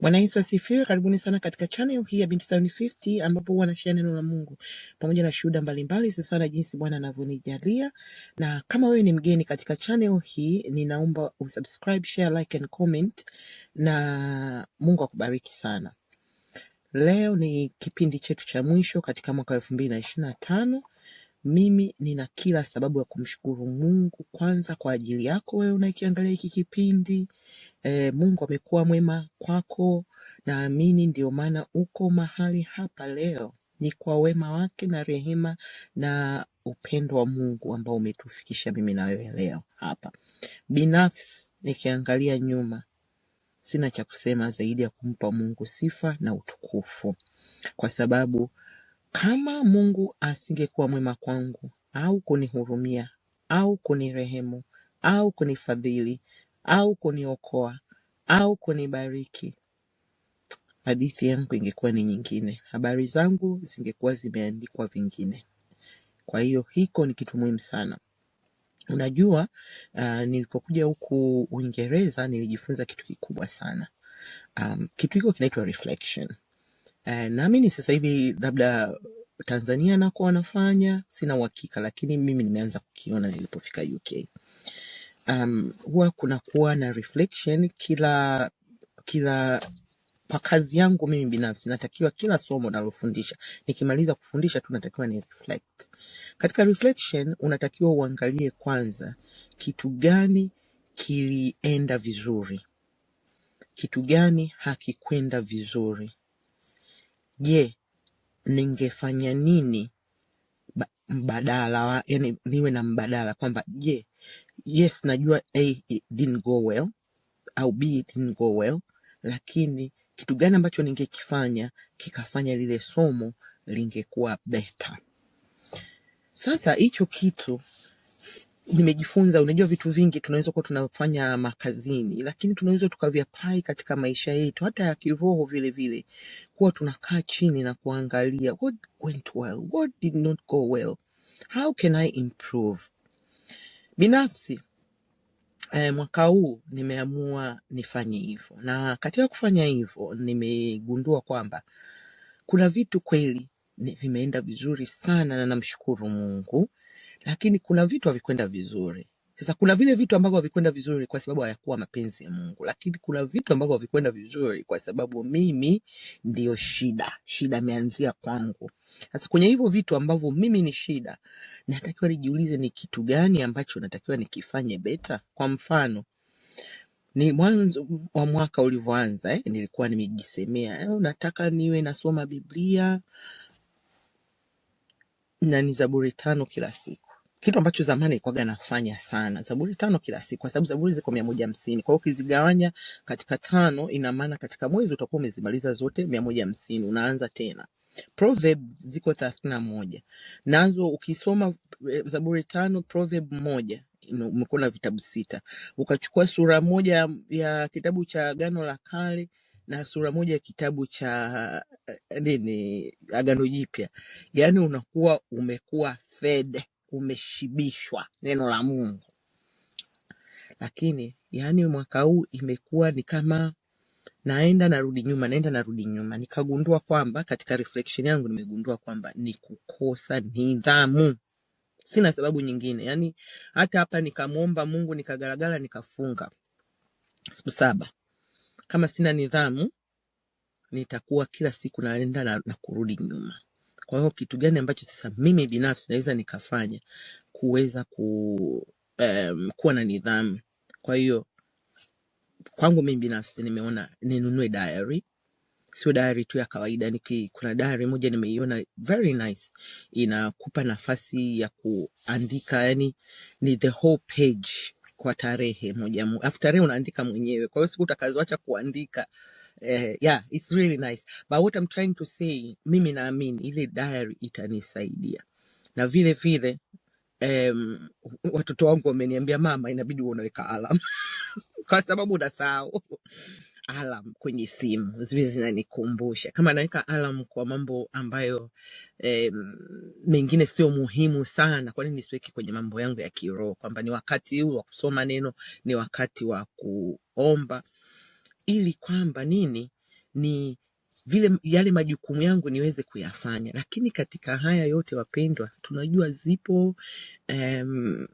Bwana Yesu asifiwe. Karibuni sana katika channel hii ya Binti Sayuni 50 ambapo huwa nashare neno la Mungu pamoja na shuhuda mbalimbali sasa na jinsi Bwana anavyonijalia. Na kama wewe ni mgeni katika channel hii, ninaomba usubscribe, share, like and comment na Mungu akubariki sana. Leo ni kipindi chetu cha mwisho katika mwaka wa elfu mbili na ishirini na tano mimi nina kila sababu ya kumshukuru Mungu kwanza kwa ajili yako wewe unayekiangalia hiki kipindi. E, Mungu amekuwa mwema kwako, naamini ndio maana uko mahali hapa leo, ni kwa wema wake na rehema na upendo wa Mungu ambao umetufikisha mimi na wewe leo hapa. Binafsi nikiangalia nyuma sina cha kusema zaidi ya kumpa Mungu sifa na utukufu kwa sababu kama Mungu asingekuwa mwema kwangu au kunihurumia au kunirehemu au kunifadhili au kuniokoa au kunibariki, hadithi yangu ingekuwa ni nyingine, habari zangu zingekuwa zimeandikwa vingine. Kwa hiyo hiko ni kitu muhimu sana. Unajua, uh, nilipokuja huku Uingereza nilijifunza kitu kikubwa sana. Um, kitu hiko kinaitwa reflection. Eh, naamini sasa hivi labda Tanzania nako wanafanya, sina uhakika, lakini mimi nimeanza kukiona nilipofika UK. Um, huwa kunakuwa na reflection kila kila kwa kazi yangu mimi binafsi natakiwa kila somo nalofundisha nikimaliza kufundisha tu natakiwa ni reflect. Katika reflection unatakiwa uangalie kwanza kitu gani kilienda vizuri, kitu gani hakikwenda vizuri, je ningefanya nini mbadala wa, yani niwe na mbadala kwamba je yes najua a it didn't go well au b didn't go well lakini kitu gani ambacho ningekifanya kikafanya lile somo lingekuwa beta sasa hicho kitu nimejifunza, unajua vitu vingi tunaweza kuwa tunafanya makazini, lakini tunaweza tukavyapai katika maisha yetu hata ya kiroho vile vile, kuwa tunakaa chini na kuangalia what went well, what did not go well, how can I improve. Binafsi eh, mwaka huu nimeamua nifanye hivyo, na katika kufanya hivyo nimegundua kwamba kuna vitu kweli vimeenda vizuri sana na namshukuru Mungu lakini kuna vitu havikwenda vizuri. Sasa kuna vile vitu ambavyo havikwenda vizuri kwa sababu hayakuwa mapenzi ya Mungu, lakini kuna vitu ambavyo havikwenda vizuri kwa sababu mimi ndiyo shida. Shida imeanzia kwangu. Sasa kwenye hivyo vitu ambavyo mimi ni shida, natakiwa nijiulize ni kitu gani ambacho natakiwa nikifanye beta. Kwa mfano ni mwanzo wa mwaka ulivyoanza, eh, nilikuwa nimejisemea eh, nataka niwe nasoma Biblia na ni Zaburi tano kila siku kitu ambacho zamani ilikuwa nafanya sana, zaburi tano kila siku, kwa sababu zaburi ziko mia moja hamsini. Kwa hiyo ukizigawanya katika tano, ina maana katika mwezi utakuwa umezimaliza zote mia moja hamsini, unaanza tena. Proverb ziko thelathini na moja nazo ukisoma eh, zaburi tano proverb moja umekuwa na vitabu sita. Ukachukua sura moja ya kitabu cha Agano la Kale na sura moja ya kitabu cha eh, nini Agano Jipya, yaani unakuwa umekuwa fed umeshibishwa neno la Mungu. Lakini yaani mwaka huu imekuwa ni kama naenda narudi nyuma, naenda narudi nyuma. Nikagundua kwamba katika reflection yangu nimegundua kwamba ni kukosa nidhamu, sina sababu nyingine. Yaani hata hapa nikamwomba Mungu, nikagaragara, nikafunga siku saba. Kama sina nidhamu, nitakuwa kila siku naenda na, na kurudi nyuma. Kwa hiyo kitu gani ambacho sasa mimi binafsi naweza nikafanya kuweza ku, um, kuwa na nidhamu? Kwa hiyo kwangu mimi binafsi nimeona ninunue diary, sio diary tu ya kawaida. Niki, kuna diary moja nimeiona very nice, inakupa nafasi ya kuandika, yani ni the whole page kwa tarehe moja, alafu tarehe unaandika mwenyewe, kwa hiyo siku utakazoacha kuandika uh, yeah, it's really nice. But what I'm trying to say, mimi naamini ile diary itanisaidia. Na vile vile um, watoto wangu wameniambia mama, inabidi unaweka alarm kwa sababu unasahau alarm kwenye simu ziwe zinanikumbusha. Kama naweka alarm kwa mambo ambayo um, mengine sio muhimu sana, kwani nini nisiweke kwenye mambo yangu ya kiroho, kwamba ni wakati huu wa kusoma neno, ni wakati wa kuomba ili kwamba nini ni vile yale majukumu yangu niweze kuyafanya. Lakini katika haya yote wapendwa, tunajua zipo um,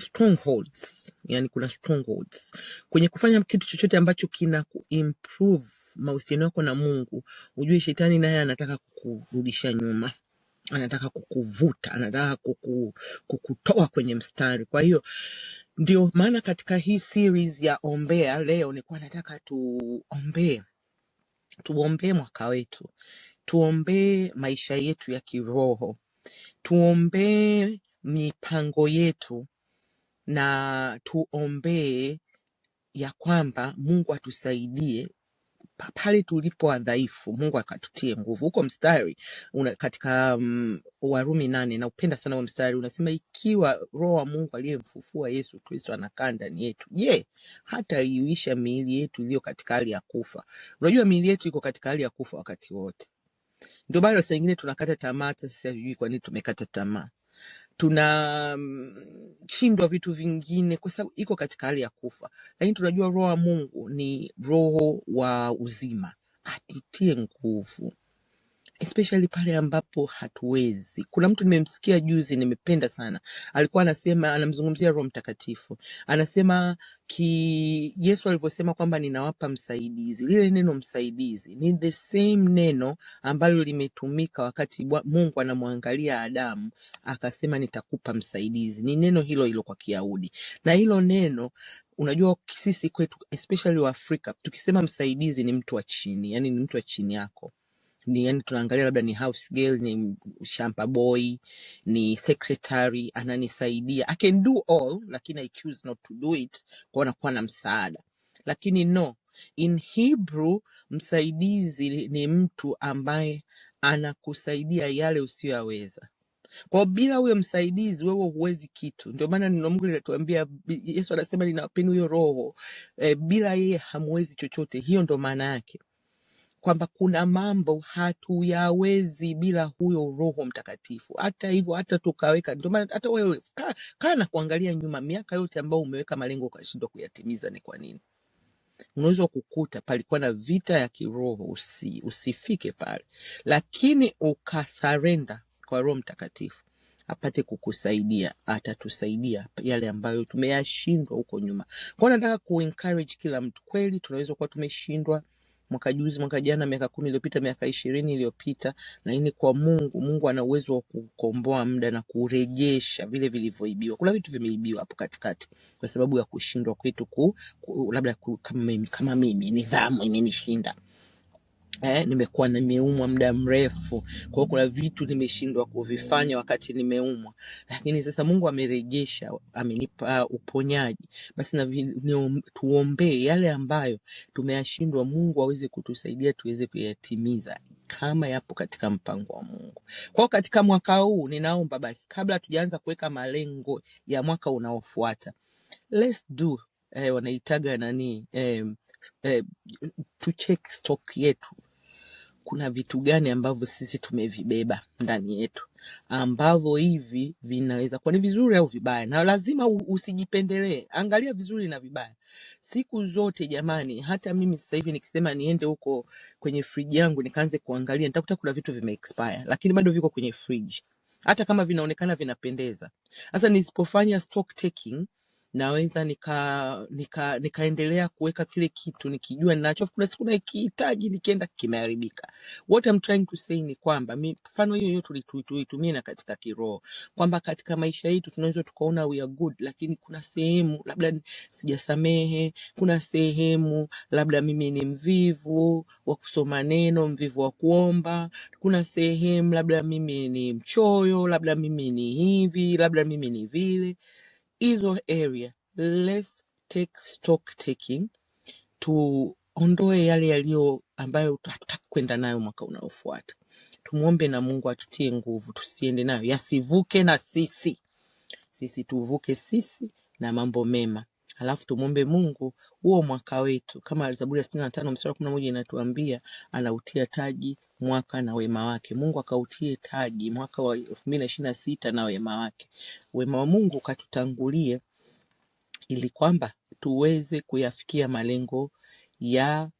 strongholds yani, kuna strongholds kwenye kufanya kitu chochote ambacho kina kuimprove mahusiano yako na Mungu. Ujue shetani naye anataka kukurudisha nyuma, anataka kukuvuta, anataka kuku, kukutoa kwenye mstari. Kwa hiyo ndio maana katika hii series ya ombea leo nilikuwa nataka tuombee, tuombee mwaka wetu, tuombee maisha yetu ya kiroho, tuombee mipango yetu na tuombee ya kwamba Mungu atusaidie pale tulipo wadhaifu, Mungu akatutie nguvu. Huko mstari una, katika um, Warumi nane naupenda sana huo mstari, unasema ikiwa Roho wa Mungu aliyemfufua Yesu Kristo anakaa ndani yetu, je, hata iuisha miili yetu iliyo katika hali ya kufa? Unajua miili yetu iko katika hali ya kufa wakati wote, ndio bado saa ingine tunakata tamaa. Sasa sijui kwa nini tumekata tamaa tunashindwa mm, vitu vingine kwa sababu iko katika hali ya kufa, lakini tunajua roho wa Mungu ni roho wa uzima, atutie nguvu especially pale ambapo hatuwezi. Kuna mtu nimemsikia juzi, nimependa sana, alikuwa anasema, anamzungumzia Roho Mtakatifu, anasema ki Yesu alivyosema kwamba ninawapa msaidizi, lile neno msaidizi ni the same neno ambalo limetumika wakati Mungu anamwangalia Adamu akasema nitakupa msaidizi. Ni neno hilo hilo kwa Kiyahudi, na hilo neno unajua sisi kwetu especially wa Afrika tukisema msaidizi ni mtu wa chini, yani ni mtu wa chini yako ni yani, tunaangalia labda ni house girl, ni shamba boy, ni secretary, ananisaidia I can do all, lakini I choose not to do it, kwa nakuwa na msaada. Lakini no, in Hebrew msaidizi ni mtu ambaye anakusaidia yale usiyoyaweza. Kwa bila huyo msaidizi wewe huwezi kitu. Ndio maana neno Mungu linatuambia, Yesu anasema ninawapeni huyo Roho e, bila yeye hamwezi chochote. Hiyo ndo maana yake kwamba kuna mambo hatuyawezi bila huyo Roho Mtakatifu. Hata hivyo, hata tukaweka, ndio maana hata wewe kaa ka na kuangalia nyuma, miaka yote ambayo umeweka malengo ukashindwa kuyatimiza ni kwa nini? Unaweza kukuta palikuwa na vita ya kiroho, usi, usifike pale, lakini ukasarenda kwa Roho Mtakatifu apate kukusaidia, atatusaidia yale ambayo tumeyashindwa huko nyuma. Kwa nataka ku kila mtu, kweli tunaweza kuwa tumeshindwa mwaka juzi, mwaka jana, miaka kumi iliyopita, miaka ishirini iliyopita. Lakini kwa Mungu, Mungu ana uwezo wa kukomboa muda na kurejesha vile vilivyoibiwa. Kuna vitu vimeibiwa hapo katikati kwa sababu ya kushindwa kwetu ku, ku labda ku, kama mimi, kama mimi nidhamu imenishinda Eh, nimekuwa nimeumwa muda mrefu, kwa hiyo kuna vitu nimeshindwa kuvifanya wakati nimeumwa, lakini sasa Mungu amerejesha, amenipa uh, uponyaji. Basi na tuombee yale ambayo tumeyashindwa, Mungu aweze kutusaidia tuweze kuyatimiza kama yapo katika mpango wa Mungu. Kwa hiyo katika mwaka huu ninaomba basi, kabla tujaanza kuweka malengo ya mwaka unaofuata, let's do eh, wanaitaga nani eh, eh, tucheck stock yetu kuna vitu gani ambavyo sisi tumevibeba ndani yetu ambavyo hivi vinaweza kuwa ni vizuri au vibaya, na lazima usijipendelee. Angalia vizuri na vibaya siku zote jamani. Hata mimi sasa hivi nikisema niende huko kwenye friji yangu nikaanze kuangalia, nitakuta kuna vitu vimeexpire, lakini bado viko kwenye friji, hata kama vinaonekana vinapendeza. Sasa nisipofanya stock taking naweza nika nika nikaendelea kuweka kile kitu nikijua ninacho. Kuna siku nakihitaji nikienda kimeharibika. What I'm trying to say ni kwamba mfano hiyo hiyo tulituitumia na katika kiroho, kwamba katika maisha yetu tunaweza tukaona we are good, lakini kuna sehemu labda sijasamehe, kuna sehemu labda mimi ni mvivu wa kusoma neno, mvivu wa kuomba, kuna sehemu labda mimi ni mchoyo, labda mimi ni hivi, labda mimi ni vile hizo area let's take stock taking tuondoe yale yaliyo ambayo hatutaki kwenda nayo mwaka unaofuata tumwombe na mungu atutie nguvu tusiende nayo yasivuke na sisi sisi tuvuke sisi na mambo mema alafu tumwombe mungu huo mwaka wetu kama zaburi ya sitini na tano mstari wa kumi na moja inatuambia anautia taji mwaka na wema wake. Mungu akautie taji mwaka wa elfu mbili na ishirini na sita na wema wake. Wema wa Mungu ukatutangulie ili kwamba tuweze kuyafikia malengo ya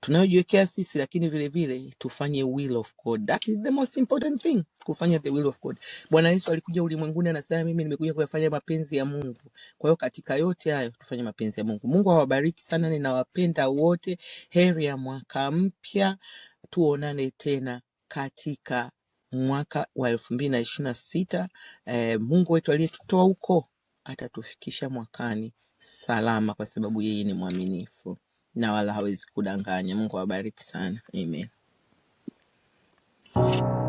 tunayojiwekea sisi, lakini vile vile tufanye will of God. That is the most important thing, kufanya the will of God. Bwana Yesu alikuja ulimwenguni anasema, mimi nimekuja kuyafanya mapenzi ya Mungu. Kwa hiyo katika yote hayo tufanye mapenzi ya Mungu. Mungu awabariki sana, ninawapenda wote. Heri ya mwaka mpya tuonane tena katika mwaka wa elfu mbili na ishirini na sita. Eh, Mungu wetu aliyetutoa huko atatufikisha mwakani salama, kwa sababu yeye ni mwaminifu na wala hawezi kudanganya. Mungu awabariki sana, amen.